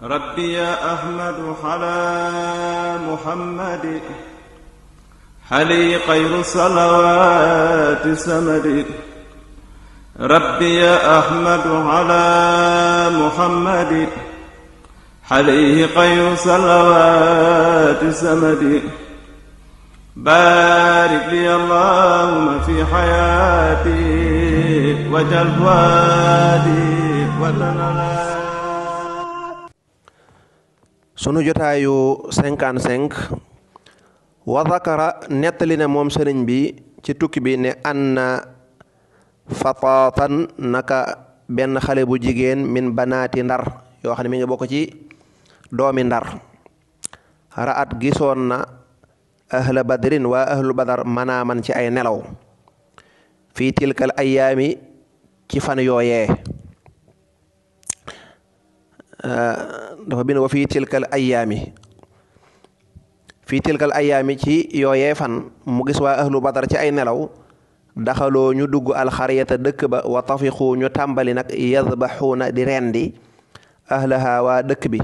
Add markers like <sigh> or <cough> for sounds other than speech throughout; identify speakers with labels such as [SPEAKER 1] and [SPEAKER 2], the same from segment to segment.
[SPEAKER 1] rabbi ya ahmadu xalaa muhammadi xali xayru salawaati samadi rabbi ya ahmadu xalaa muhammadi xali xayru salawaati samadi baarik li allahuma fi xayaati wajal waadi watanala
[SPEAKER 2] sunu jotaayu cinquante cinq wa nettali na moom sëriñ bi ci tukki bi ne anna fataatan naka benn xale bu jigéen min banaati ndar yoo xam ne mi ngi bokk ci doomi ndar ra'at gisoon na ahla badrin waa ahlu badar manaaman ci ay nelaw fii tilkal ayaami ci fan yooyee Euh, dafa bind wa fii tilkal ayaami fii tilkal ayaami ci yooyee fan mu gis waa ahlu batar ci ay nelaw daxaloo ñu dugg alxariyata dëkk ba wa tafiqu ñu tàmbali nag yadbaxuuna di rendi ahlaha waa dëkk bi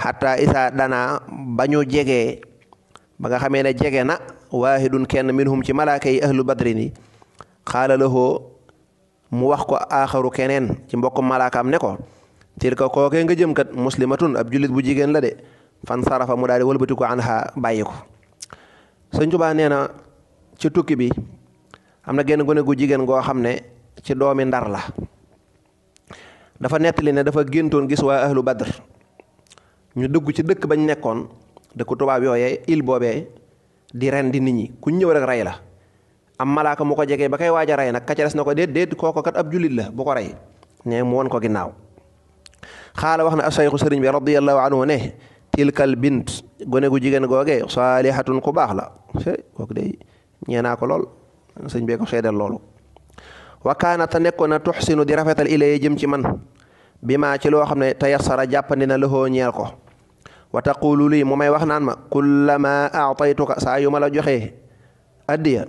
[SPEAKER 2] xataa isaa dana ba ñu jegee ba nga xamee ne jege na waahidun kenn minhum ci malaaka yi ahlu badrin yi xaala mu wax ko aaxaru keneen ci mbokk malaakaam ne tilka kookee nga jëm kat muslimatun ab jullit bu jigéen la de fan sarafa mu daal di wëlbati ko anha bàyyi ko sëñ Tuubaa nee na ci tukki bi am na genn gone jigéen goo xam ne ci doomi ndar la dafa nettali ne dafa géntoon gis waa ahlu badr ñu dugg ci dëkk bañ nekkoon dëkk tubaab yooyee il boobee di ren di nit ñi kuñ ñëw rek rey la am malaaka mu ko jegee ba koy waaja a rey nag ka na ko déet déet kooko kat ab jullit la bu ko rey ne mu won ko ginnaaw xaala wax na asayxu sëriñ bi radiallahu anhu ne tilkal bint gone gu jigéen googe saalihatun ku baax la kooku day ñeenaa ko lool sëñ bee ko seedal loolu wa kaana ta nekkoon na tuxsinu di rafetal ilay jëm ci man bi ma ci loo xam ne tayassara jàppandi na loxoo ñeel ko wa taqulu lii mu may wax naan ma kullama aataytuka saa yu ma la joxee addiya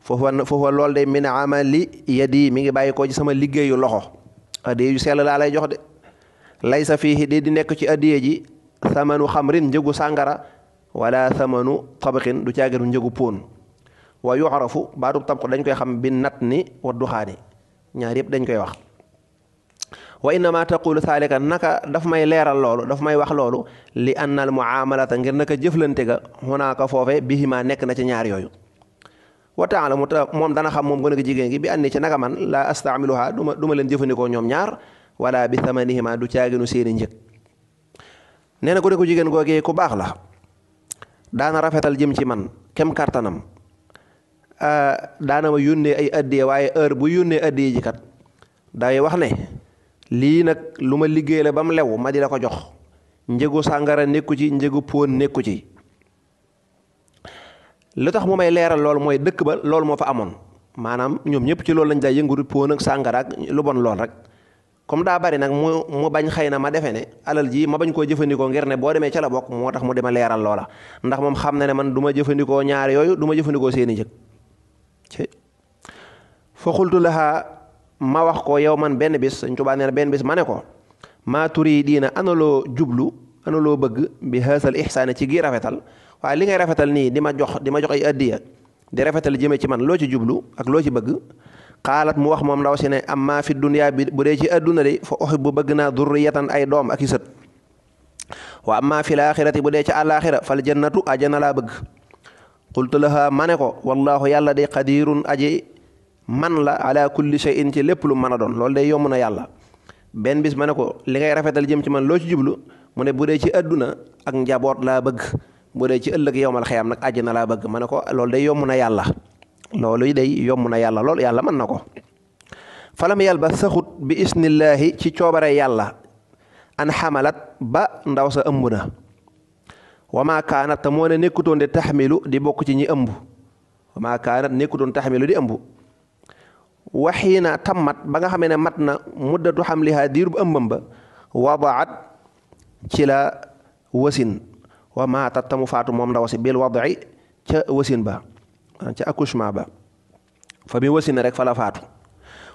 [SPEAKER 2] foofa foofa lool de min amali yadi mi ngi bàyyi ko ci sama liggéeyu loxo addiya yu laa lay jox de laysa fiihi di di nekk ci addiye ji samanu xamrin njëgu sàngara wala samanu tabaqin du caaginu njëgu poon wa yuxarafu baatub tabq dañ koy xam bi nat ni wa duxaani ñaar yëpp dañ koy wax wa innama taqulu saalika naka dafa may leeral loolu daf may wax loolu li annal muamalata ngir naka jëflante ga xunaaka foofe bihima nekk na ci ñaar yooyu wa taala mu moom dana xam moom gën a jigéen gi bi àndi ci naka man la astaamiluha duma duma leen jëfandikoo ñoom ñaar wala bi sama thamanihima du caaginu seeni njëg nee na ko ne ku jigéen googee ku baax la daana rafetal jëm ci man kem kàrtanam ah, daana ma yónnee ay addiye waaye heure bu yónnee addiye ji kat day wax ne lii nag lu ma liggéey la ba mu lew ma di la ko jox njëgu sàngara nekku ci njëgu póon nekku ci lu tax mu may leeral lool mooy dëkk ba loolu moo fa amoon maanaam ñoom ñëpp ci loolu lañ day yënguru póon ak sàngara ak lu bon lool rek comme daa bari nag mu mu bañ xëy na ma defe ne alal ji ma bañ koo jëfandikoo ngir ne boo demee ca bokk moo tax mu dima leeral loola ndax moom xam na ne man du ma jëfandikoo ñaar yooyu du ma jëfandikoo seeni njëg fa xultu laha ma wax ko yow man benn bis Sëñ Tuubaa nee na benn bis ma ne ko maa turi diina analoo jublu analoo bëgg bi haasal ihsaani ci gii rafetal waaye li ngay rafetal nii di ma jox di ma jox ay addiya di rafetal jëme ci man loo ci jublu ak loo ci bëgg xaalat mu wax moom ndaw si ne am amma fi dunya bi bu dee ci adduna de fa bu bëgg naa durriyatan ay doom ak i sët wa amma fi laaxirati bu dee ci àllaaxira fal jannatu ajana laa bëgg qultu ma ne ko wallaahu yàlla de qadirun aji man la ala kulli shay'in ci lépp lu mën a doon loolu day yomb na yàlla benn bis ma ne ko li ngay rafetal jëm ci man loo ci jublu mu ne bu dee ci adduna ak njaboot laa bëgg bu dee ci ëllëg yowmal xiyam nag ajana laa bëgg ma ne ko loolu day yomb na yàlla loolu day yomb na yàlla lool yàlla mën na ko falam yàlla ba saxut bi isnillaahi ci coobare yàlla an xamalat ba ndaw sa ëmb na wama kaanat te moo ne nekkutoon di taxmilu di bokk ci ñi ëmb wama kaanat nekkutoon taxmilu di ëmb waxiina ba nga xamee ne mat na muddatu xamliha diirub ëmbam ba wadaat ci la wasin wa maatat tamu faatu moom ndaw si bil wadci ca wasin ba ca accouchement ba fa mi wasi na rek fa la faatu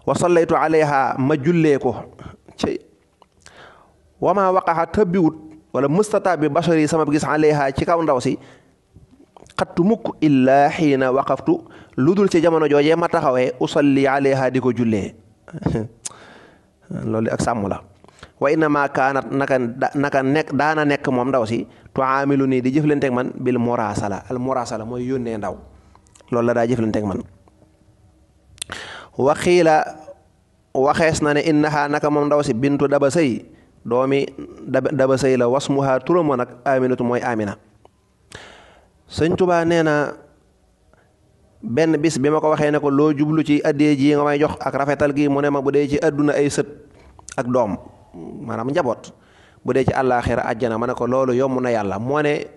[SPEAKER 2] wa sallaytu alayha ma jullee ko ci wama waqaxa tëbbiwut wala mustata bi bashari sama gis alayha ci kaw ndaw si xattu mukk illaa xiina waqaftu lu dul ci jamono joojee ma taxawee usalli alayha di ko jullee <laughs> loolu ak sàmm la wa innama kaanat naka naka nekk daana nekk moom ndaw si tuamilu nii di jëflanteeg man bil muraasala al muraasala mooy yónnee ndaw loolu la daa jëflanteeg man waxiila waxees na ne innaha naka moom ndaw si bintu daba sëy doomi daba sëy la was wasmuha turam wa nag aminatu mooy amina sëñ tubaa nee na benn bis bi ma ko waxee ne ko loo jublu ci addee ji nga may jox ak rafetal gi mu ne ma bu dee ci àdduna ay sët ak doom maanaam njaboot bu dee ci àllaaxira àjjana ma ne ko loolu yomb na yàlla moo ne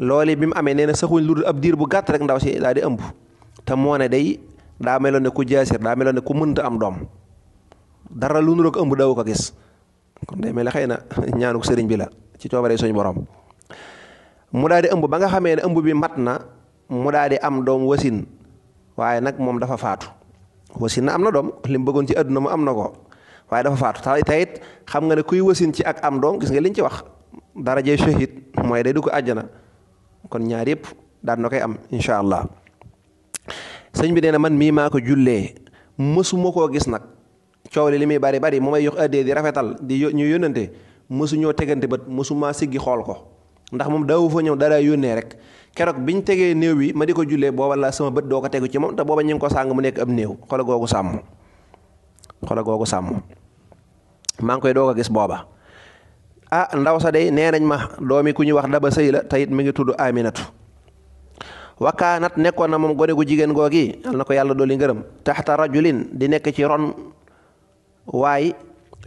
[SPEAKER 2] loole bi mu amee nee na saxuñ lu dul ab diir bu gàtt rek ndaw si daal di ëmb te moo ne day daa meloon ne ku jaasir daa meloon ne ku mënta am doom dara lu nu roog ëmb daw ko gis kon day mel ne xëy na <laughs> ñaanu sëriñ bi la ci coobare suñu borom mu daal ëmb ba nga xamee ne ëmb bi mat na mu daal di am doom wasin waaye nag moom dafa faatu wasin na am na doom li mu bëggoon ci àdduna mu am na ko waaye dafa faatu te it xam nga ne kuy wasin ci ak am doom gis nga liñ ci wax dara jee shahid mooy day du ko àjjana kon ñaar yëpp daan na koy am incha allah sëñ bi nee na man mii maa ko jullee mësuma koo gis nag coow li li muy bari bari mu may yox addee di rafetal di ñu yónnante mësuñoo ñoo tegante bët mësuma siggi xool ko ndax moom daawu fa ñëw dara yónnee rek keroog bi ñu tegee néew bi ma di ko jullee booba la sama bët doo ko tegu ci moom te booba ñu ngi ko sàng mu nekk am néew xoola googu sàmm xoola googu sàmm maa ngi koy doog a gis booba a ah, ndaw sa day nee nañ ma doomi ku ñuy wax daba sëy la tayit mi ngi tudd aminatu wakaanat nekkoon na moom gone gu jigéen googi yal na ko yàlla dolli ngërëm taxta rajulin di nekk ci ron waay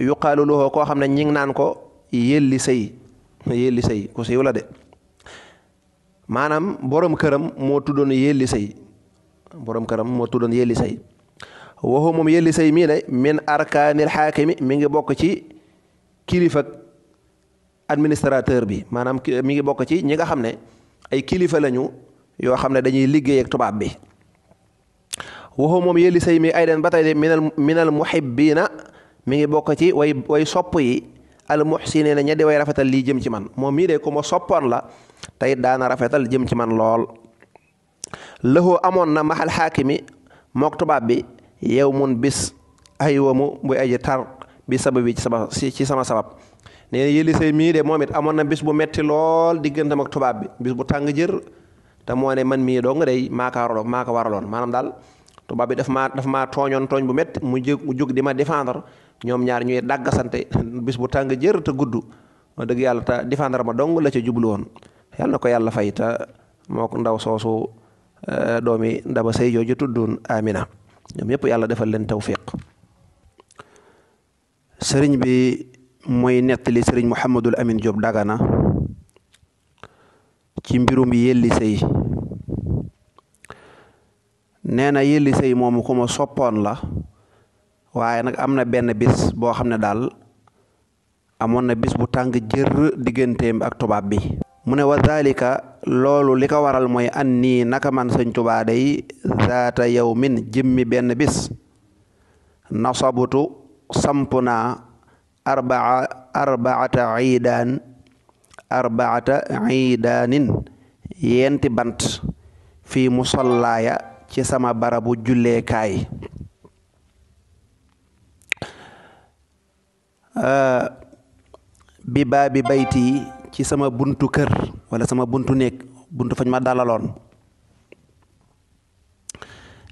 [SPEAKER 2] yuqaalu lahu koo xam ne ñi ngi naan ko yelli sëy yelli sëy ku siiw la de maanaam borom këram moo tuddoon yelli sëy borom këram moo tuddoon yelli sëy waxu moom yelli sëy mii ne min arkaanil xaakimi mi ngi bokk ci kilifa administrateur bi maanaam mi ngi bokk ci ñi nga xam ne ay kilifa lañu yoo xam ne dañuy liggéey ak tubaab bi waxu moom yëli say mi ay den ba tey de minal minal muhibbiina mi ngi bokk ci way way sopp yi al muhsiniina ña rafetal lii jëm ci man moom mii de ku ma soppoon la tey daana rafetal jëm ci man lool lëxoo amoon na maxal xaakimi mook tubaab bi yow mun bis ay wamu bu aji tar bi sababi ci sama ci sama sabab nee na yëli say mii de moom it amoon na bis bu metti lool diggantam ak tubaab bi bis bu tàng jër te moo ne man mii dong day maa ko waraloon maa ko waraloon maanaam daal tubaab bi daf maa daf maa tooñoon tooñ bu metti mu jóg mu jóg di ma défendre ñoom ñaar ñuy daggasante <laughs> bis bu tàng jër te gudd ma dëgg yàlla ta défendre ma dong la ca jublu woon yàlla na ko yàlla fay te moo ko ndaw soosu eh, doomi ndaba sëy jooju tuddoon Amina ñoom yëpp yàlla defal leen tawfiq sëriñ bi mooy nettali sëriñ Mouhamadul Amin Diop Dagana ci mbirum yelli sëy nee na yelli sëy moomu ku ma soppoon la waaye nag am na benn bis boo xam ne daal amoon na bis bu tàng jër digganteem ak tubaab bi mu ne wa zalika loolu li ko waral mooy an nii naka man sëñ tubaa day yow min jëmmi benn bis nasabutu samp naa arbaa arbaata iidaan arbaata iidaanin yenti bant fii musallaaya ci sama barabu julleekaay bi baabi bayti ci sama buntu kër wala sama buntu néeg buntu fañ ma dalaloon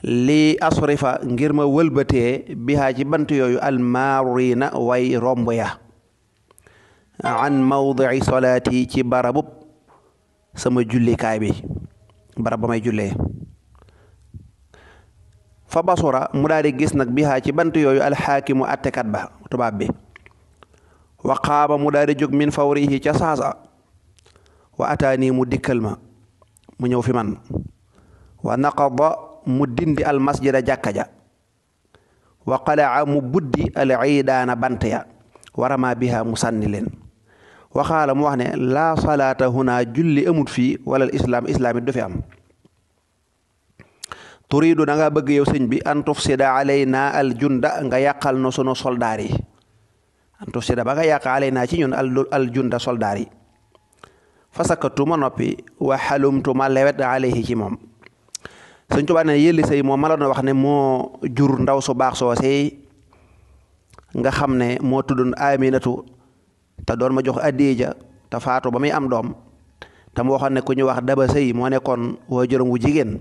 [SPEAKER 2] li asrifa ngir ma wëlbatee bihaa ci bant yooyu almaarina way romb ya an mawdii solaati ci barabub sama jullikaay bi barab ba may jullee fa basura mu daal di gis nag bihaa ci bant yooyu alxaakimu attekat ba tubaab bi wa qaama mu daal di jóg min fawrihi ca saasa wa ataani mu dikkal ma mu ñëw fi man wa naqada mu dindi al masjida jàkka ja wa qalaa mu buddi al iidaana bant ya warama biha mu sànni leen waxaala mu wax ne laa salaata huna julli amut fii wala islaam islaamit du fi am turiidu da nga bëgg yow sëñ bi an tufsida alayna al junda nga yàqal no sunu soldaar yi an tufsida ba nga yàq alayna ci ñun al junda soldaar yi fasakatu noppi wa xalumtu ma lewet alayhi ci sëñ Tuubaa ne yëlli sëy moom ma la doon wax ne moo jur ndaw su baax soosey nga xam ne moo tuddoon Aminatu te doon ma jox addiija te faatu ba muy am doom te mu waxoon ne ku ñu wax daba sëy moo nekkoon waajuram wu jigéen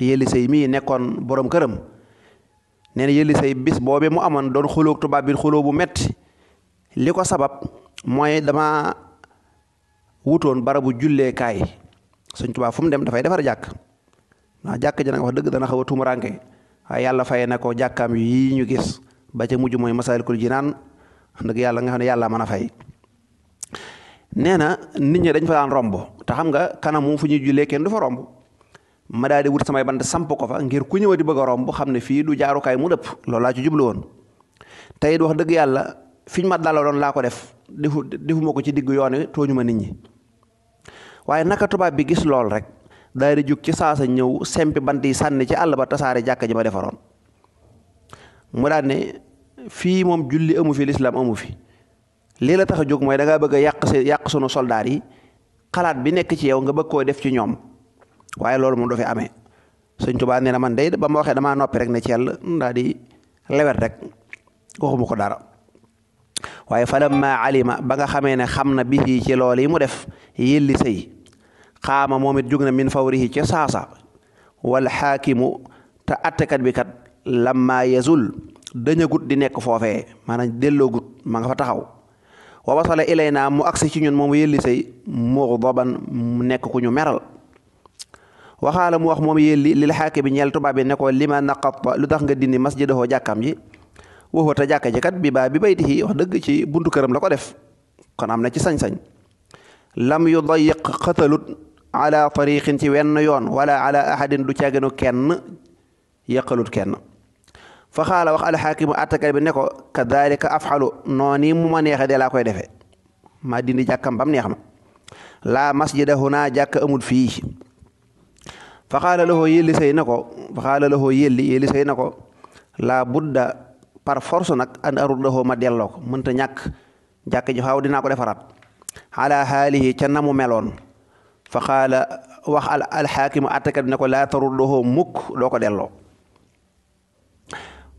[SPEAKER 2] yëlli sëy mii nekkoon boroom këram nee na yëlli sëy bis boobe mu amoon doon xulóog tubaab bi xulóo bu metti li ko sabab mooy dama wutoon barabu julleekaay sëñ Tuubaa fu mu dem dafay defar jàkk ndax jàkk ji nag wax dëgg dana xaw a tumuranke yàlla fay na ko jàkkaam yii ñu gis ba ca mujj mooy Masaalikul naan dëgg yàlla nga xam ne yàlla mën a fay nee na nit ñi dañ fa daan romb te xam nga kanamu fu ñuy jullee kenn du fa romb ma daal di wut samay bant samp ko fa ngir ku ñëwati bëgg a romb xam ne fii du jaarukaay mu dëpp loolu laa ci jublu woon te it wax dëgg yàlla fi ñu ma dalaloon laa ko def defu defuma ko ci diggu yoon wi tooñu ma nit ñi waaye tubaab bi gis lool rek. daa di jóg ci saa sa ñëw sempi bant yi sànni ci àll ba tasaare jàkka ji ma defaroon mu daan fii moom julli amu fi lislaam amu fi lii la tax a jóg mooy danga bëgg a yàq yàq sunu soldaar yi xalaat bi nekk ci yow nga bëgg koo def ci ñoom waaye loolu moom du fi amee sëñ Tuubaa nee na man dey ba ma waxee damaa noppi rek ne ci yàlla daal di lewet rek waxuma ko dara waaye falamma alima ba nga xamee ne xam na bi ci loolu yi mu def yelli sëy xaama moom it jug na min fawrihi ca saasa wal xaakimu te attekat bi kat lamma yazul dañagut di nekk foofee maanaam delloogut ma nga fa taxaw wa wasala naa mu agsi ci ñun moom yelli sëy mughdaban nekk ku ñu meral waxaala mu wax moom yelli lil xaakimi ñeel tubaab bi ne ko lima naqatta lu tax nga dindi mas masjidahoo jàkkaam ji waxoo ta jàkka ji kat bi baa bi baytihi wax dëgg ci buntu këram la ko def kon am na ci sañ-sañ lam yu dayiq ala tariqin ci wenn yoon wala ala du caaginu kenn yàqalut kenn fa wax alxaakimu attakat bi ne ko kadalika afxalu noonu mu ma neexe de koy defe maa dindi jàkkam bam neex ma laa masjida huna jàkk amul fii fa xaala lahoo yelli say na ko fa xaala lahoo yelli yelli say na ko laa budda par force nag an aruddahoo ma delloo ko mënta ñàkk jàkk ji dinaa ko defaraat ala xaalihi ca na mu meloon fa xaala wax al alxaakimu àttekat bi ne ko laa tarudduhu mukk doo ko delloo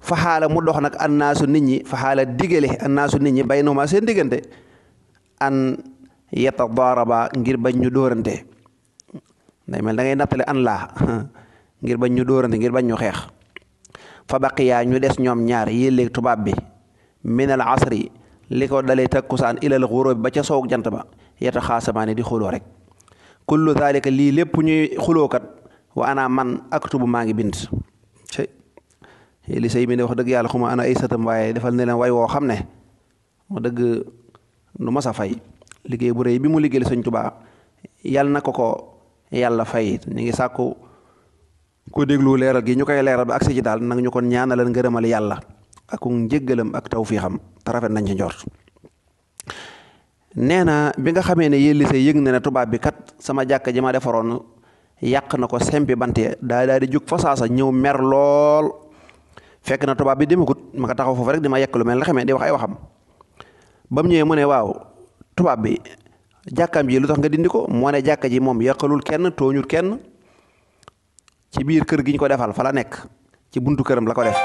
[SPEAKER 2] fa xaala mu dox nag annaasu nit ñi fa xaala digale annaasu nit ñi baynahuma seen diggante an yatadaaraba ngir bañ ñu dóorante day mel da ngay nattale an laa <laughs> ngir bañ ñu doorante ngir bañ ñu xeex fa yaa ñu des ñoom ñaar yéeleeg tubaab bi min al asri li ko dalee takkusaan ilal xuróob ba ca soog jant ba yata xaasamaani di xuloo rek kullu dhalika lii lépp ñuy xulookat wa ana man ak aktubu maa ngi bind ci li say mi ne wax dëgg yàlla xuma ana ay sëtam waaye defal ne leen way woo xam ne wax dëgg nu mas fay liggéey bu rëy bi mu liggéeyal sëñ Tuubaa yàlla na ko ko yàlla fay ñu ngi sàkku ko déglu leeral gi ñu koy leeral ba agsi ci daal nag ñu kon ñaanalal ngërëmal yàlla ak njéggalam ak tawfiixam te rafet nañ ci njort nee na bi nga xamee ne Élysée yëg na ne tubaab bi kat sama jàkka ji ma defaroon yàq na ko sempi bant ya daa di jug fa saasa ñëw mer lool fekk na tubaab bi demagut ma ko taxaw foofu rek di ma yekk lu mel ne xamee di wax ay waxam ba mu ñëwee ne waaw tubaab bi jàkkaam ji lu tax nga dindi ko moo jàkka ji moom yàqalul kenn tooñul kenn ci biir kër gi ñu ko defal fa la nekk ci buntu këram la ko def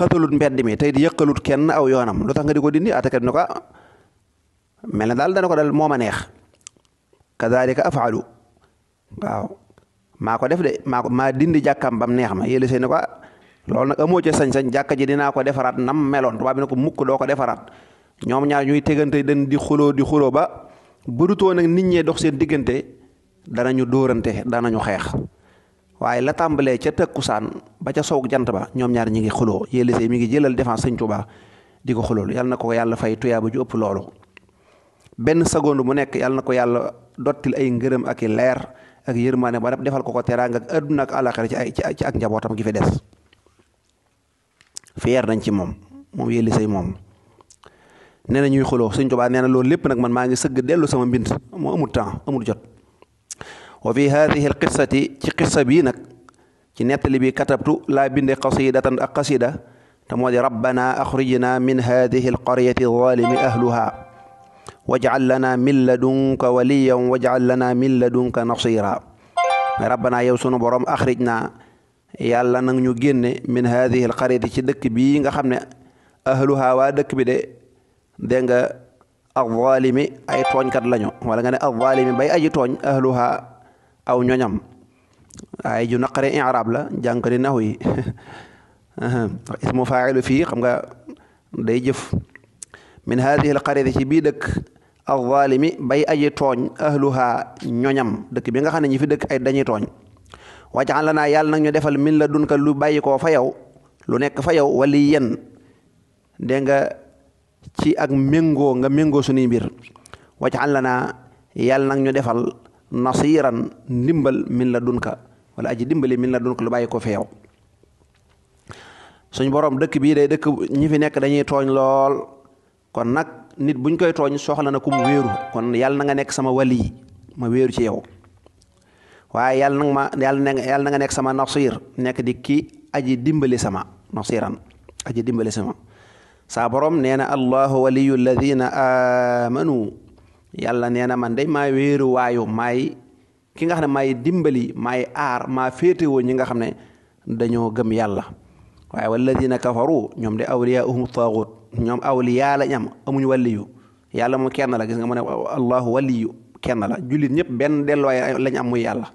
[SPEAKER 2] xatalut mbedd mi tey di yàqalut kenn aw yoonam lu tax nga di ko dindi attaqué na ko mel na daal dana ko dal mooma neex kadalika afaalu waaw maa ko def de maa ko maa dindi jàkkam bam neex ma yéli seen ne ko ah, loolu nag amoo ca sañ-sañ jàkka ji dinaa ko defaraat nam meloon tubaab na ko mukk doo ko defaraat ñoom ñaar ñuy tegante den di xuloo di xuloo ba budutoo nag nit ñee dox seen diggante danañu dóorante danañu xeex waaye la tàmbalee ca tëkkusaan ba ca soog jant ba ñoom ñaar ñi ngi xuloo yélisee mi ngi jëlal defaa sëñ ba di ko xulool yàlla na ko yàlla fay tuyaaba ju ëpp loolu benn seconde mu nekk yàlla na ko yàlla dottil ay ngërëm ak i leer ak yërmaane ba defal ko ko teraanga ak àdduna ak àllaaxira ci ay ci ak njabootam gi fi des fier nañ ci moom moom yéeli say moom nee na ñuy xuloo Sëñ Tuubaa nee na loolu lépp nag man maa ngi sëgg dellu sama mbind moo amul temps amul jot wa fi haadihi al ci qissa bii nag ci nettali bi katabtu laa binde qasidatan ak qasida te moo di rabbana axrijna min haadihi al qaryati ahluha waj'al lana min ladunka waliyan waj'al lana min ladunka nasira rabbana yow sunu borom axrijna yàlla nag ñu génne min haadihi alqaryati ci dëkk bii nga xam ne ahluha waa dëkk bi de dégg nga alzalimi ay tooñkat lañu wala nga ne alzalimi bay aji tooñ ahluha aw ñoñam ay ju naqare i'rab la jànkari naxu yi <laughs> ismu faa'ilu fii xam nga day jëf min hadihi alqaryati ci bii dëkk alzalimi bay aji tooñ ahluha ñoñam dëkk bi nga xam ne ñi fi dëkk ay dañuy tooñ waj'al lanaa yàlla nag ñu defal min la dunka lu bàyyi fa yow lu nekk fa yow waliyan dégg nga ci ak méngoo nga méngoo suñuy mbir waj'al lanaa yàlla ñu defal nasiran ndimbal min la dunka wala aji dimbali min la dunka lu bàyyi koo fa yow suñ borom dëkk bii day dëkk ñi fi nekk dañuy tooñ lool kon nag nit buñ koy tooñ soxla na ku mu wéeru kon yàlla na nga nekk sama wali ma wéeru ci yow waaye yàlla na ma yàlla na nga nekk sama nasir nekk di ki aji dimbali sama nasiran aji dimbali sama saa borom nee na allahu waliyu alladina amanu yàlla nee na man day maa wéeru waayu maay ki nga xam ne maay dimbali maay aar maa féetewoo ñi nga xam ne dañoo gëm yàlla waaye walladina kafaru ñoom de awliyaahum taagut ñoom awliyaa lañ am amuñu waliyu yàlla moom kenn la gis nga mu ne allahu waliyu kenn la jullit ñëpp benn delluwaay lañ am muy yàlla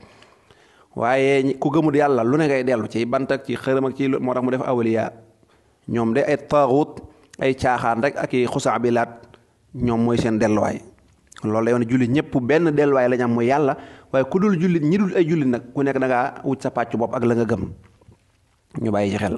[SPEAKER 2] waaye ku gëmul yàlla lu ne ngay dellu ci bant ci xërëm ak mu def awliyaa ñoom de ay taaxut ay caaxaan rek ak i xusaabilaat ñoom mooy seen delluwaay loolu la yoon jullit ñëpp benn delluwaay lañ am yàlla waaye ku dul jullit ñi dul ay jullit nag ku nekk da ngaa wut sa pàccu bopp ak la nga gëm ñu bàyyi ci xel.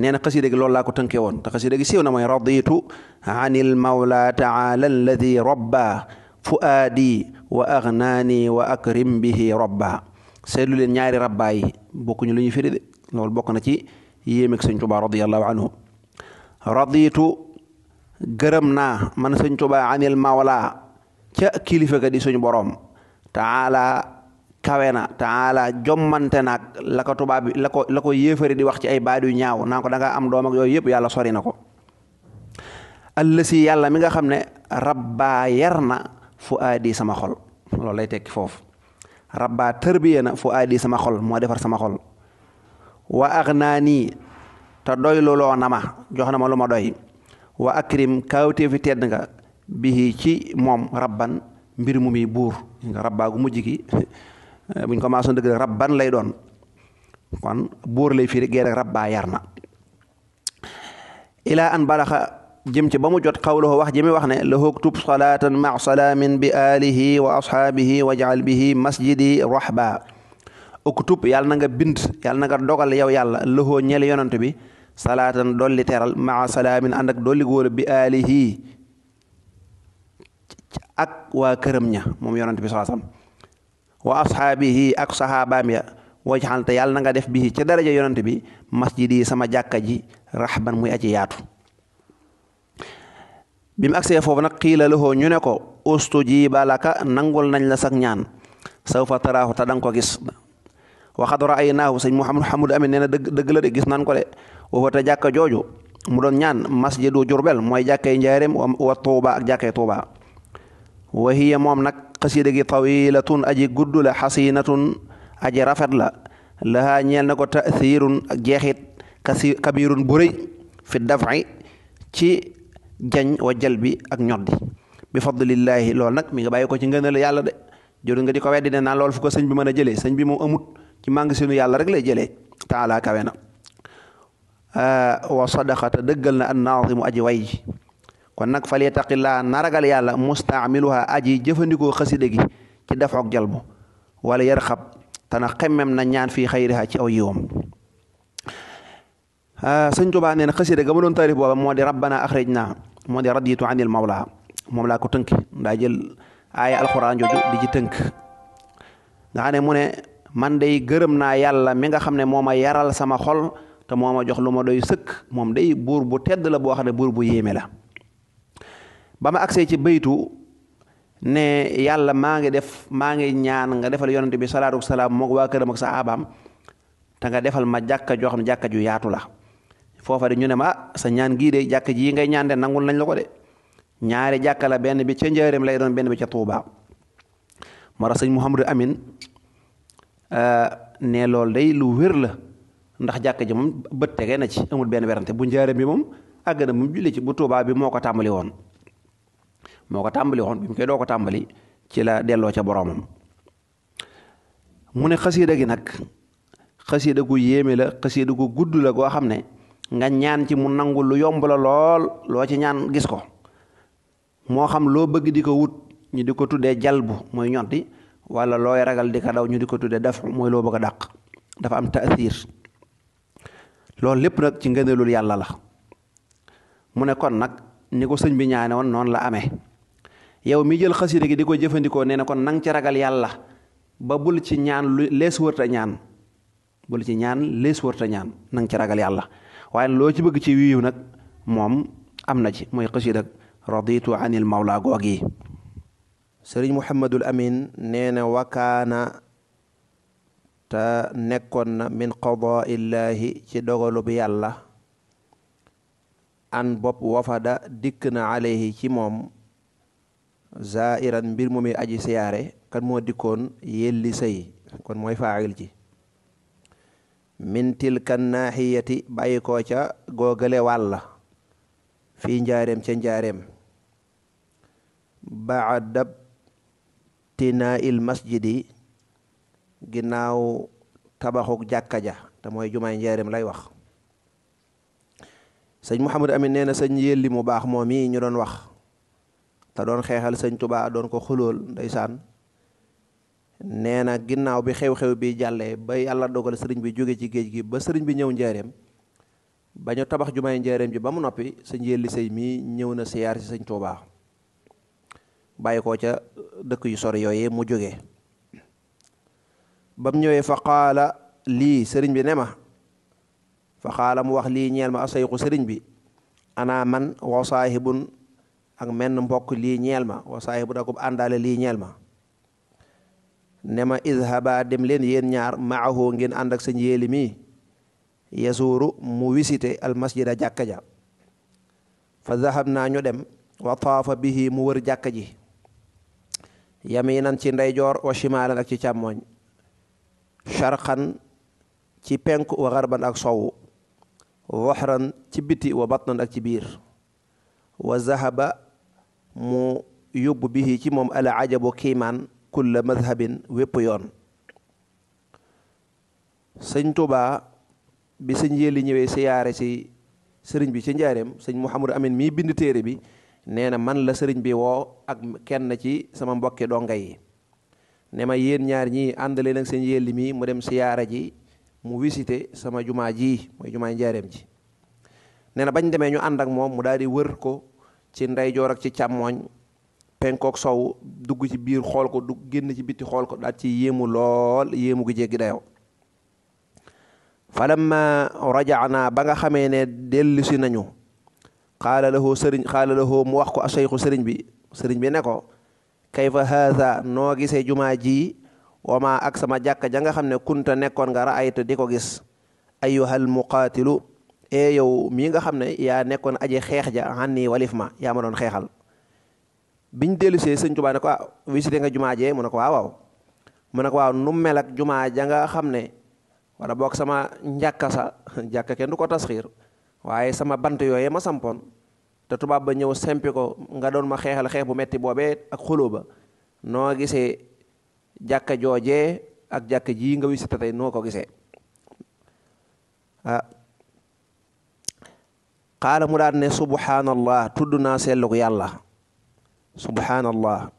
[SPEAKER 2] nee na xasida gi loolu laa ko tënkee woon te xasida gi siiw na mooy raditu anil mawla taala alladi rabba fuaadi wa agnaani wa akrim bihi rabba seetlu leen ñaari rabba yi bokkuñu lu ñuy firi de loolu bokk na ci yéemeeg sëñ Tuubaa radiallahu anhu raditu gërëm naa man sëñ Tuubaa anil mawla ca kilifa ga di suñu boroom taala kawe na taala jommante naag la ko tubaab bi la ko la ko yéefari di wax ci ay baadu ñaaw naa ko da am doom yooyu yëpp yàlla sori na ko allasi yàlla mi nga xam ne rabbaa yar na fu aadi sama xol loolu lay tekki foofu rabbaa tërbiye na fu aadi sama xol moo defar sama xol wa naa nii te doy luloo ma jox na ma lu ma doy wa akrim kawtee fi tedd nga bihi ci moom rabban mbir mu muy buur rabbaa gu mujj gi Eh, buñ ko maasoon dëgg rabban lay doon kon buur lay firi gee rek rabbaa ilaa an balaxa jëm ci ba mu jot xawluhu wax jëmi wax ne la hoogtub salaatan ma salaamin bi alihi wa ashaabihi wajal bihi masjidi rahba uktub yàlla na nga bind yàlla na nga dogal yow yàlla lahoo ñel yonant bi salaatan dolli teral ma salaamin ànd ak dolli góolu bi alihi ak waa këram ña moom yonant bi wa ashaabihi ak sahaabaam ya wajxal te yàlla na nga def bii ca daraja yonante bi masjid yi sama jàkka ji raxban muy aji yaatu bi mu agsee foofu nag xiila lahoo ñu ne ko ustujiba laka nangul nañ la sak ñaan sawfa taraahu te danga ko gis waxad ra'aynaahu sëñ Mouhamadou Hamoud Amin nee na dëgg dëgg la de gis nan ko de woo te jàkka jooju mu doon ñaan masjidu Jurbel mooy jàkkay njaareem wa Tuuba ak jàkkay Tuuba wa hiya moom nag xasiida gi tawilatun aji gudd la xasinatun aji rafet la lahaa ñeel na ko taasiirun jeexit kasi kabirun bu rëy fi dafci ci jañ wa jalbi ak ñoddi bi fadlillaahi loolu nag mi nga bàyyi ko ci ngënal yàlla de jëru nga di ko weddi ne fu ko sëñ bi mën a jëlee sëñ bi moom amut ci màngi sinu yàlla rek lay jële taala kawe na wa sadaqata dëggal na an naazimu aji way ji kon nag fa fal yattaqillaa na ragal yàlla mustaamiluha aji jëfandikoo xasida gi ci dafoog jalbu wala yar xab tana xemmem na ñaan fii xayriha ci aw yiwam ah, sëñ Tuubaa nee na xasida ga ma doon taarif booba moo di rabbana axrijna moo di raditu anil moom laa ko tënk ndaa jël aaye alxuraan jooju di ci tënk nga xam ne mu ne man dey gërëm naa yàlla mi nga xam ne moo ma yaral sama xol te moo ma jox lu ma doy sëkk moom day buur bu tedd la boo xam ne buur bu yéeme la ba ma agsee ci baytu ne yàlla maa ngi def maa ngi ñaan nga defal yonent bi salaatu salaam mook waa këram ak saabaam te nga defal ma jàkka joo xam ne jàkka ju yaatu la foofa de ñu ne ma ah, sa ñaan gii de jàkka jii ngay ñaan de nangul nañ la ko de ñaari jàkka benn bi ca njaareem lay doon benn bi ca Touba moo tax sëñ Mouhamadou Amin euh, ne loolu day lu wér la ndax jàkka ji moom bët tegee na ci amul benn werante bu njaareem bi moom àgg na julli ci bu Touba bi moo ko tàmbali woon. moo ko tàmbali woon bi mu koy doo ko tàmbali ci la delloo ca boroomam mu ne xasiida gi nag xasiida gu yéeme la xasiida gu gudd la goo xam ne nga ñaan ci mu nangu lu yomb la lool loo ci ñaan gis ko moo xam loo bëgg di ko wut ñu di ko tuddee jalbu mooy ñoddi walla looy ragal di ko daw ñu di ko tuddee def mooy loo bëgg a dàq dafa am taasiir loolu lépp nag ci ngëneelul yàlla la mu ne kon nag ni ko sëñ bi ñaane woon noonu la amee yow mi jël xasida gi di ko jëfandikoo nee kon nang ci ragal yàlla ba bul ci ñaan lu lees wërta ñaan bul ci ñaan lees wërta ñaan nang ci ragal yàlla waaye loo ci bëgg ci wiiw nag moom am na ci mooy xasida raditu anil mawla goog yi sëriñ muhammadul amin nee wakaana te nekkoon na min qadaa illaahi ci dogalu bi yàlla an bopp wafada dikk na alayhi ci moom zairan mbir mu muy aji siyaare kan moo dikkoon yelli sëy kon mooy faayil ci mintil kan naaxiyati bàyyi koo ca googale la fii njaareem ca njaareem ti tinaa il masjidi ginnaaw tabaxuk jàkka ja te mooy jumaay njaareem lay wax sëñ Mouhamadou Amine nee na sëñ yelli mu baax moom yi ñu doon wax te doon xeexal sëñ Tuubaa doon ko xulool ndeysaan nee na ginnaaw bi xew-xew bi jàllee ba yàlla dogal sëriñ bi jóge ci géej gi ba sëriñ bi ñëw njaareem ba ñu tabax jumaay njaareem ji ba mu noppi sëñ Yelli Sëy mii ñëw na siyaar si sëñ Tuubaa bàyyi koo ca dëkk yu sori yooyee mu jógee ba mu ñëwee fa qaala lii sëriñ bi ne ma fa qaala mu wax lii ñeel ma asayxu sëriñ bi ana man wa saahibun ak menn mbokk lii ñeel ma wa saahibu dakub àndaale lii ñeel ma ne izhaba dem leen yéen ñaar maahu ngeen ànd ak sëñ yéeli yesuuru mu wisite almasjida jàkka ja fa zahab naa ñu dem wa taafa bihi mu wër jàkka ji yaminan ci ndeyjoor wa shimalan ak ci càmmooñ sharqan ci penk wa garban ak sowu waxran ci biti wa batnan ak ci biir wa zahaba mu yóbbu bihi ci moom ala ajabu kiimaan kulla madhabin wépp yoon sëñ tubaa bi sëñ yéeli ñëwee siyaare si sëriñ bi ci njaareem sëñ mu Mouhamadou Amine mii bind téere bi nee na man la sëriñ bi woo ak kenn ci sama mbokki donga yi ne ma yéen ñaar ñii àndale nag sëñ yéeli mii mu dem siyaare ji mu wisite sama jumaa ji mooy jumaa njaareem ji nee bañ demee ñu àndak moom mu daal di wër ko ci ndeyjoor ak ci càmmooñ penkook sow dugg ci biir xool ko dugg génn ci bitti xool ko daal ci yéemu lool yéemu gi jéggi dayoo falamma rajaana ba nga xamee ne dellusi nañu xaalala lahu sëriñ xaalala lahu mu wax ko aseyxu sëriñ bi sëriñ bi ne ko kayfa haasa noo gisee jumaa ji wama ak sama jàkka ja nga xam ne kunta nekkoon nga ra'ayta di ko gis ayyuhal muqaatilu e yow mii nga xam ne yaa nekkoon aje xeex ja xan nii walif ma yaa ma doon xeexal biñ dellu see sëñ Tuubaa ne ko ah, nga jumaa jee mu ne ko waaw mu ne ko waaw nu mel ak jumaa ja nga xam ne wala boog sama njàkka sa <laughs> jàkka kenn du ko tasxiir waaye sama bant yooyee ma sampoon te tubaab ba ñëw sempi ko nga doon ma xeexal xeex bu metti boobee ak xuloo ba noo gisee jàkka joojee ak jàkka jii nga visité tey noo ko gisee ah, qaala mu daal ne subhaanallah tudd naa sellug yàlla subhaanallah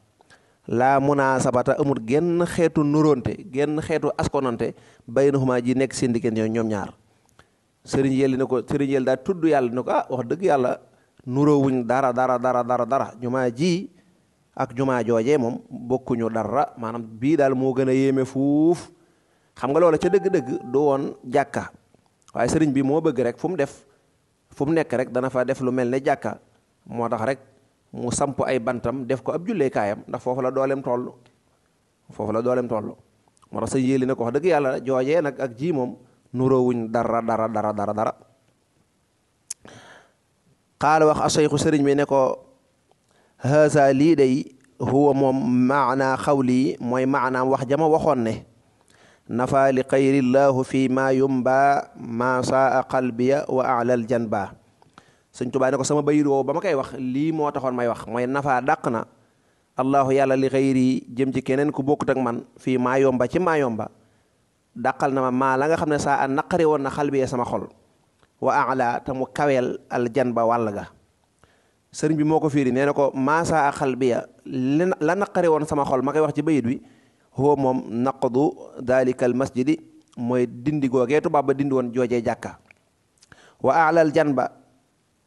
[SPEAKER 2] laa munaasabata amul genn xeetu nuróonte genn xeetu askonante baynahuma ji nekk seen diggante ñoom ñaar sëriñ yël ne ko sëriñ yël daal tudd yàlla ne ko ah wax dëgg yàlla nuróowuñ dara dara dara dara dara juma ji ak juma joojee moom bokkuñu dara maanaam bii daal moo gën a yéeme fuuf xam nga loola ca dëgg-dëgg du woon jàkka waaye sëriñ bi moo bëgg rek fu mu def fu mu nekk rek dana fa def lu mel ne jàkka moo tax rek mu samp ay bantam def ko ab julleekaayam ndax foofu la dooleem toll foofu la dooleem toll moo tax sa yéeli nag wax dëgg yàlla joojee nag ak jii moom nuroowuñ dara dara dara dara dara xaala wax asayxu sëriñ bi ne ko haasa lii dey huwa moom maanaa xawli mooy maanaam wax jama waxoon ne nafa li xayrillahu fi ma yumba ma saa qalbiya wa alal janba sëñ tubaa ne ko sama bayir woowu ba ma koy wax lii moo taxoon may wax mooy nafa dàq na allahu yàlla li xayri jëm ci keneen ku bokkut ak man fii maa yomba ci maa yomba dàqal na ma maa la nga xam ne saa a naqari woon na xalbiya sama xol wa ala te mu kaweel al janba wàll ga sëriñ bi moo ko fiiri nee na ko maa saa a xalbiya la naqari woon sama xol ma kay wax ci bayit bi huwa moom naqadu dalika al masjidi mooy dindi googee tubaab ba dindi woon joojee jàkka wa alal janba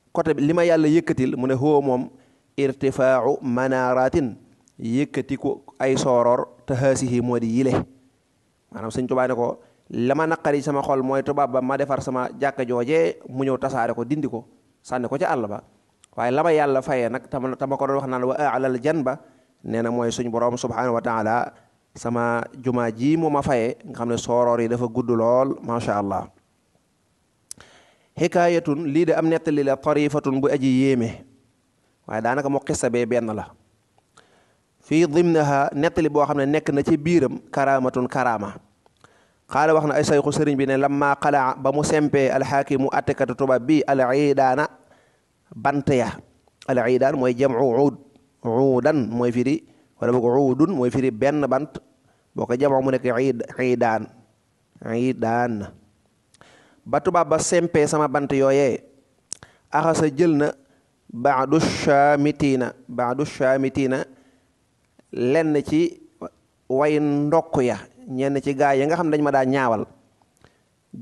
[SPEAKER 2] côté bi li ma yàlla yëkkatil mu ne huwa moom irtifaau manaratin yëkkati ko ay sooroor te haasihi moo di yile maanaam sëñ tubaa ne ko la ma naqari sama xol mooy tubaab ba ma defar sama jàkka joojee mu ñëw tasaare ko dindi ko sànni ko ca àll ba waaye la ma yàlla fayee nag tama tama ko doon wax naan wa alal janba nee na mooy suñ borom subhanahu wa taala sama juma ji mu ma faye nga xam ne sooroor yi dafa gudd lool macha allah xikaayatun lii de am nettali la tarifatun bu aji yéeme waaye daanaka mu xissa bee benn la fii dimnaha nettali boo xam ne nekk na ci biiram karaamatun karaama xaala wax na ay sayxu sëriñ bi ne lamma xala ba mu sempee alxaakimu attekatu tubaab bi alidaana bant ya alidaan mooy jamu uud uudan mooy firi wala boog uudun mooy firi benn bant boo ko jamoo mu nekk iidaan iidaan ba tubaab ba sempee sama bant yooyee axasa jël na baadu shaamitiina baadu shaamitiina lenn ci way ndokk ya ñenn ci gaay ya nga xam dañ ma daa ñaawal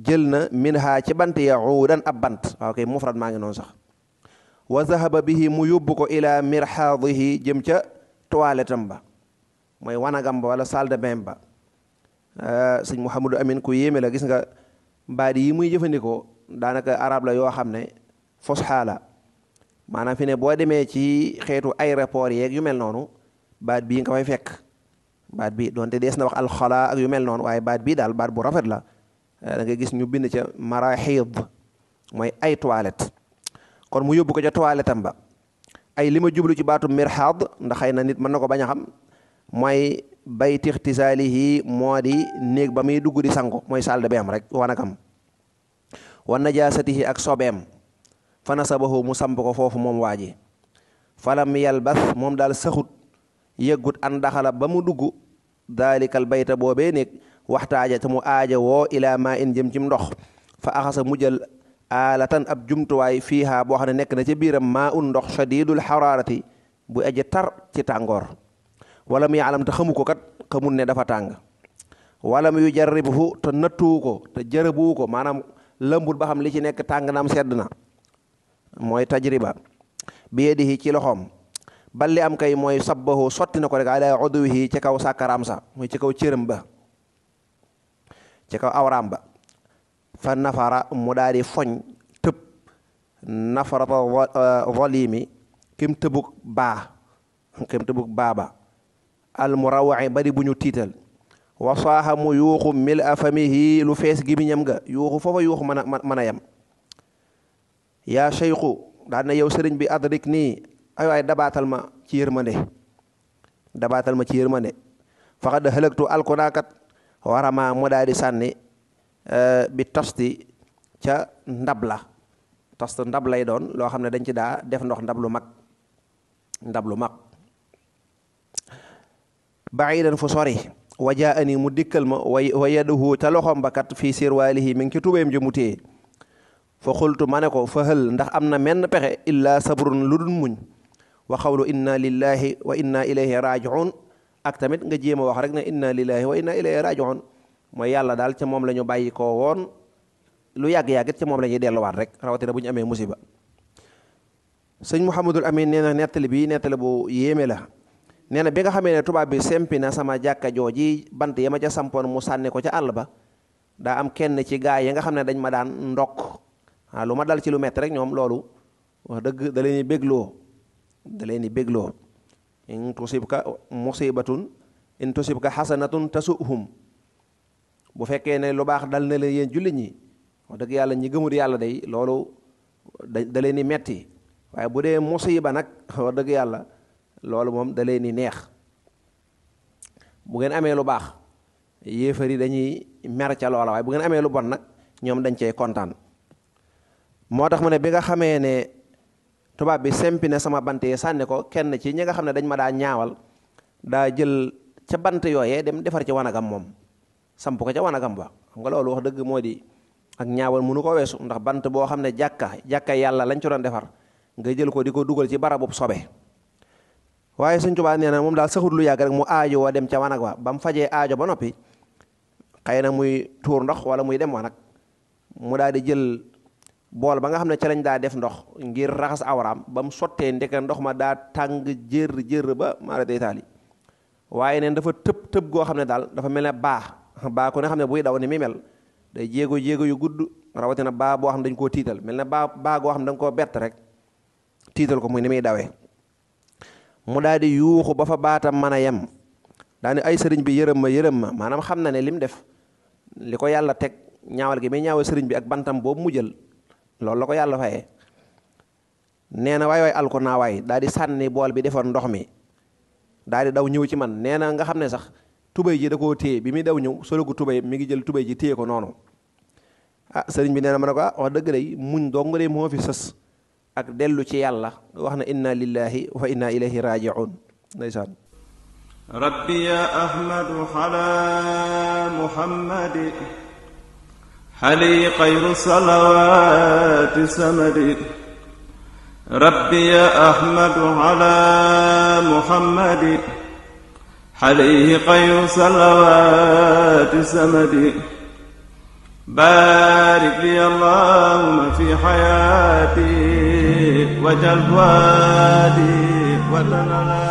[SPEAKER 2] jël na min ci bant ya uudan ab bant waaw kay mufrad maa ngi noonu sax wa zahaba bihi mu yóbbu ko ila mirxaadihi jëm ca toiletam ba mooy wanagam ba wala salle de bain ba euh, sëñ Mouhamadou Amine ku yéeme la gis nga baat yi muy jëfandikoo daanaka arab la yoo xam ne fosxaa la maanaam fi ne boo demee ci xeetu aéroport yeeg yu mel noonu baat bii nga fay fekk baat bi doonte dees na wax alxalaa ak yu mel noonu waaye baat bii daal baat bu rafet la euh, da nga gis ñu bind ca maraxib mooy ay toilette kon mu yóbbu ko ca toilette am ba ay li ma jublu ci baatu mirxaad ndax xëy na nit mën na ko bañ a mooy bayti ixtisaalihi moo di néeg ba muy dugg di sangu mooy salle de bain rek wanakam wa najaasatihi ak sobeem fa nasabahu mu samp ko foofu moom waa ji falam yalbas moom daal saxut yëggut an daxala ba mu dugg daalikal bayta boobee néeg waxtaaja te mu aaja woo ilaa maa in jëm cim ndox fa axasa mu jël aalatan ab jumtuwaay fiihaa boo xam ne nekk na ca biiram maa un ndox shadiidul xaraarati bu aje tar ci tàngoor wala mu yaalam xamu ko kat xamul ne dafa tàng wala mu yu jarribhu te nattuwu ko te jërëbuwu ko maanaam lëmbul ba xam li ci nekk tàng naam sedd na mooy tajriba bi yadihi ci loxoom balli am kay mooy sabbahu sotti na ko rek ala udwihi ci kaw sàkkaraam sax muy ci kaw cërëm ba ci kaw awraam ba fa nafara mu daal di foñ tëb nafarata volimi euh, kim tëbuk baa kim tëbuk baaba almurawaxi bari bu ñu tiital wa saaxa mu yuuxu mil a famihi lu fees gimiñam nga yuuxu foofa yuuxu mën a mën a yam yaa seyxu daan yow sëriñ bi adrik nii ay dabaatal ma ci yërmande dabaatal ma ci yërmande faqad halaktu alkunaakat warama mu daal di sànni eh, bi tosti ca ndab la tost ndab lay doon loo xam ne dañ ci daa def ndox ndab lu mag ndab lu mag baidan fu sori wa jaani mu dikkal ma wa yaduhu ta loxom ba kat fii sirwaalihi mi ngi ci tubéem ji mu téye fa xultu ma ne ko fa hël ndax am na menn pexe illaa sabrun lu dul muñ wa xawlu inna lillahi wa inna ilayhi rajiun ak tamit nga jéem a wax rek na inna lillahi wa inna ilayhi rajiun mooy yàlla daal ca moom la ñu bàyyi koo woon lu yàgg-yàgg it ca moom lañuy ñuy delluwaat rek rawatina bu ñu amee musiba sëñ Mouhamadul Amin nee na nettali bi nettali bu yéeme la nee na bi nga xamee ne tubaab bi sempi na sama jàkka jooji bant ya ma ca sampoon mu sànni ko ca àll ba daa am kenn ci gaa yi nga xam ne dañ ma daan ndokk waaw lu ma dal ci lu metti rek ñoom loolu wax dëgg da leen da leen di bégloo in tusibka musibatun in fekkee ne lu baax dal na leen yàlla ñi gëmul yàlla day loolu da leen di metti waaye bu dee musiba nag wax dëgg yàlla loolu moom da leen di neex bu ngeen amee lu baax yéefar yi dañuy mer ca loola waaye bu ngeen amee lu bon nag ñoom dañ cey kontaan moo tax mu ne bi nga xamee ne tubaab bi sempi ne sama bant yi sànni ko kenn ci ñi nga xam ne dañ ma daa ñaawal daa jël ca bant yooyee dem defar ci wanagam moom samp ko ca wanagam ba xam nga loolu wax dëgg moo di ak ñaawal mënu ko weesu ndax bant boo xam ne jàkka jàkka yàlla lañ ci doon defar nga jël ko di ko dugal ci barabub sobe waaye Sëñ Tuubaa nee na moom daal saxut lu yàgg rek mu aajo wa dem ca wanag wa ba mu fajee aajo ba noppi xëy na muy tuur ndox wala muy dem wanag mu daal di jël bool ba nga xam ne ca lañ daa def ndox ngir raxas awraam ba mu sottee ndeke ndox ma daa tàng jër jër ba maara day taali waaye neen dafa tëb tëb goo xam ne daal dafa mel ne baa baa ku ne xam ne buy daw ni mi mel day jéego jéego yu gudd rawatina baa boo xam ne dañ koo tiital mel ne baa baa goo xam ne da koo bett rek tiital ko muy ni muy dawee mu daal di yuuxu ba fa baatam mën a yem daani ay sëriñ bi yërëm ma yërëm ma maanaam xam na ne lim def li ko yàlla teg ñaawal gi may ñaawal sëriñ bi ak bantam boobu mu jël loolu la ko yàlla fayee nee na waay waay alku naa waay daal di sànni bool bi defoon ndox mi daal di daw ñëw ci man nee na nga xam ne sax tubéy ji da koo téye bi muy daw ñëw sologu tubéy mi ngi jël tubéy ji téye ko noonu ah sëriñ bi nee na ma ne ko ah wax dëgg day muñ dong de moo fi sës ak dellu ci yàlla wax na inna lillahi wa inna ilayhi raji'un ndeysaan
[SPEAKER 1] rabbi ya ahmadu ala muhammadi xali xayru salawaati samadi rabbi ya ahmadu ala muhammadi xali xayru salawaati samadi بارك لي اللهم في حياتي وجل وادي ولنا